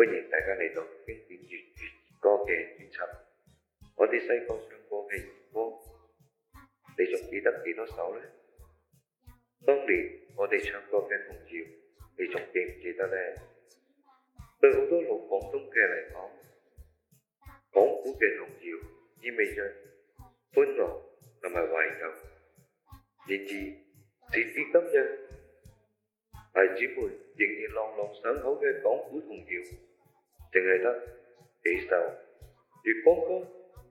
歡迎大家嚟到經典粵語兒歌嘅專輯。我哋細個唱過嘅兒歌，你仲記得幾多首呢？當年我哋唱過嘅童謠，你仲記唔記得呢？對好多老廣東嘅人嚟講，廣府嘅童謠意味著歡樂同埋懷舊，然而時至今日，孩子們仍上口嘅廣府童謠，淨係得幾首《月光光》、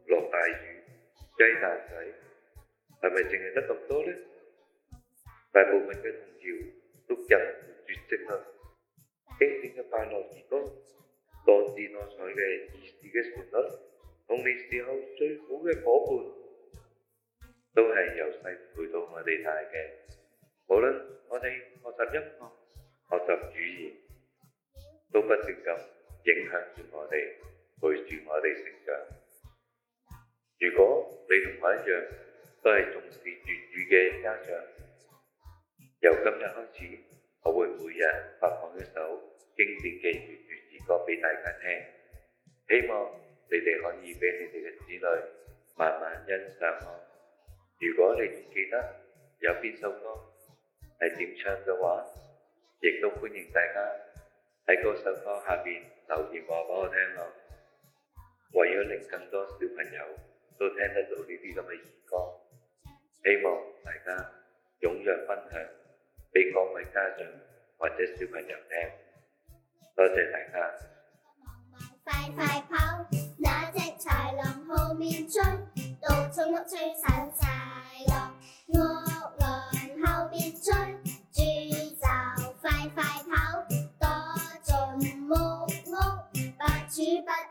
落大雨、雞蛋仔，係咪淨係得咁多呢？大部分嘅童謠都近乎絕跡啦。經典嘅快樂兒歌，多姿多彩嘅兒時嘅旋律，童年時候最好嘅伙伴，都係由細陪到我哋大嘅。無論我哋學習音樂，學習。不斷咁影響住我哋，陪住我哋成長。如果你同我一樣都係重視粵語嘅家長，由今日開始，我會每日發放一首經典嘅粵語兒歌俾大家聽。希望你哋可以俾你哋嘅子女慢慢欣賞。如果你仲記得有邊首歌係點唱嘅話，亦都歡迎大家。喺嗰首歌下邊留言話俾我聽咯，為咗令更多小朋友都聽得到呢啲咁嘅兒歌，希望大家踴躍分享俾各位家長或者小朋友聽，多謝大家。